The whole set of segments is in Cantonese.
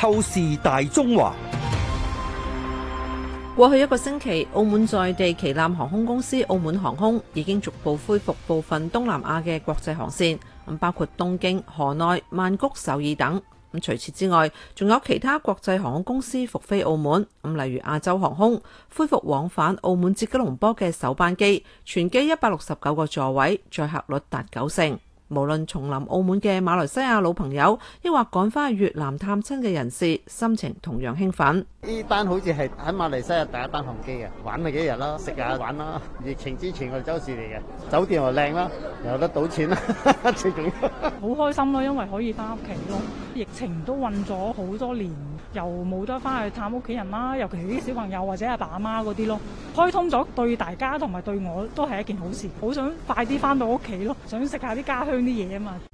透視大中華。過去一個星期，澳門在地旗艦航空公司澳門航空已經逐步恢復部分東南亞嘅國際航線，咁包括東京、河內、曼谷、首爾等。咁除此之外，仲有其他國際航空公司復飛澳門，咁例如亞洲航空，恢復往返澳門至吉隆坡嘅首班機，全機一百六十九個座位，載客率達九成。無論重臨澳門嘅馬來西亞老朋友，亦或趕翻去越南探親嘅人士，心情同樣興奮。呢班好似係喺馬來西亞第一班航機嘅，玩咗幾日咯，食下玩啦。疫情之前我哋周時嚟嘅，酒店又靚啦，又得賭錢啦，最仲好開心咯，因為可以翻屋企咯。疫情都困咗好多年，又冇得翻去探屋企人啦，尤其啲小朋友或者阿爸阿媽嗰啲咯。開通咗對大家同埋對我都係一件好事，好想快啲翻到屋企咯，想食下啲家鄉。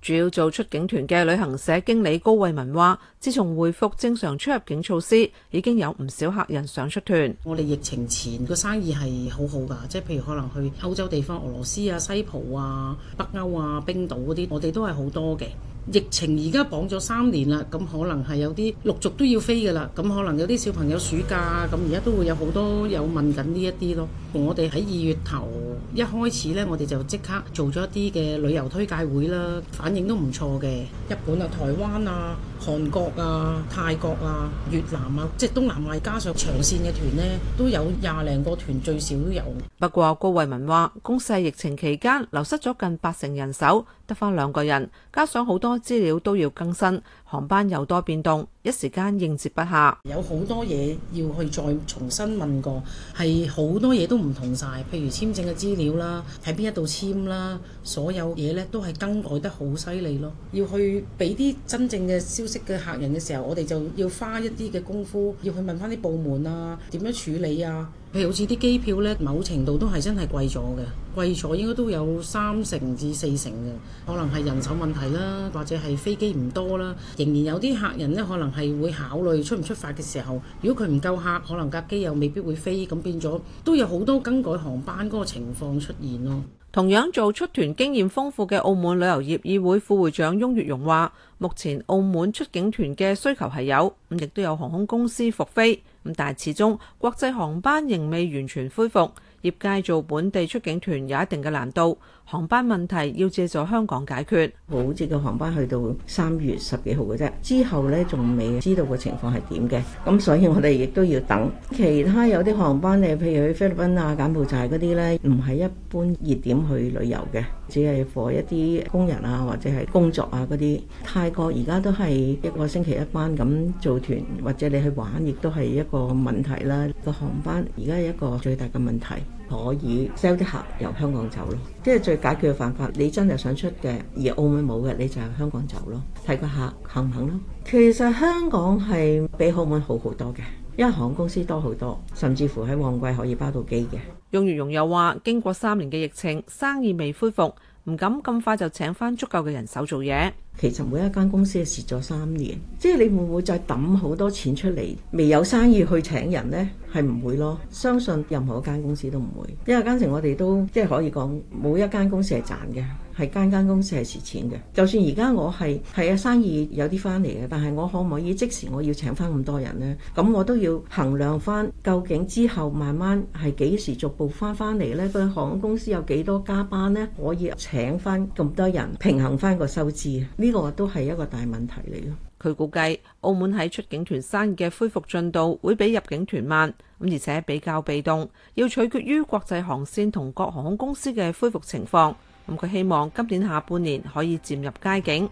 主要做出境團嘅旅行社經理高慧文話：自從恢復正常出入境措施，已經有唔少客人想出團。我哋疫情前個生意係好好噶，即係譬如可能去歐洲地方、俄羅斯啊、西葡啊、北歐啊、冰島嗰啲，我哋都係好多嘅。疫情而家綁咗三年啦，咁可能係有啲陸續都要飛噶啦，咁可能有啲小朋友暑假咁而家都會有好多有問緊呢一啲咯。我哋喺二月頭一開始呢，我哋就即刻做咗一啲嘅旅遊推介會啦，反應都唔錯嘅。日本啊、台灣啊、韓國啊、泰國啊、越南啊，即係東南亞，加上長線嘅團呢，都有廿零個團，最少都有。不過高慧文話，公司喺疫情期間流失咗近八成人手，得翻兩個人，加上好多資料都要更新，航班又多變動。一時間應接不暇，有好多嘢要去再重新問過，係好多嘢都唔同晒，譬如簽證嘅資料啦，喺邊一度簽啦，所有嘢咧都係更改得好犀利咯，要去俾啲真正嘅消息嘅客人嘅時候，我哋就要花一啲嘅功夫，要去問返啲部門啊，點樣處理啊？譬如好似啲機票呢，某程度都係真係貴咗嘅，貴咗應該都有三成至四成嘅，可能係人手問題啦，或者係飛機唔多啦，仍然有啲客人呢，可能係會考慮出唔出發嘅時候，如果佢唔夠客，可能架機又未必會飛，咁變咗都有好多更改航班嗰個情況出現咯。同樣做出團經驗豐富嘅澳門旅遊業議會副會長翁月容話：目前澳門出境團嘅需求係有，咁亦都有航空公司復飛，咁但係始終國際航班仍未完全恢復。業界做本地出境團有一定嘅難度，航班問題要借助香港解決。好似個航班去到三月十幾號嘅啫，之後咧仲未知道個情況係點嘅，咁所以我哋亦都要等。其他有啲航班你譬如去菲律賓啊、柬埔寨嗰啲咧，唔係一般熱點去旅遊嘅，只係 for 一啲工人啊或者係工作啊嗰啲。泰國而家都係一個星期一班咁做團，或者你去玩亦都係一個問題啦。個航班而家係一個最大嘅問題。可以 sell 啲客由香港走咯，即係最解決嘅辦法。你真係想出嘅，而澳門冇嘅，你就喺香港走咯。睇個客肯唔肯咯。其實香港係比澳門好好多嘅，因為航空公司多好多，甚至乎喺旺季可以包到機嘅。翁月容又話，經過三年嘅疫情，生意未恢復，唔敢咁快就請返足夠嘅人手做嘢。其實每一間公司係蝕咗三年，即係你會唔會再抌好多錢出嚟，未有生意去請人呢，係唔會咯，相信任何一間公司都唔會。因為當時我哋都即係可以講，冇一間公司係賺嘅，係間間公司係蝕錢嘅。就算而家我係係啊生意有啲翻嚟嘅，但係我可唔可以即時我要請翻咁多人呢？咁我都要衡量翻，究竟之後慢慢係幾時逐步翻翻嚟咧？個航空公司有幾多加班呢？可以請翻咁多人，平衡翻個收支啊？呢個都係一個大問題嚟咯。佢估計澳門喺出境團生意嘅恢復進度會比入境團慢，咁而且比較被動，要取決於國際航線同各航空公司嘅恢復情況。咁佢希望今年下半年可以漸入佳境，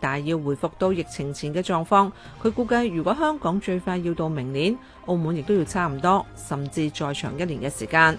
但係要回復到疫情前嘅狀況，佢估計如果香港最快要到明年，澳門亦都要差唔多，甚至再長一年嘅時間。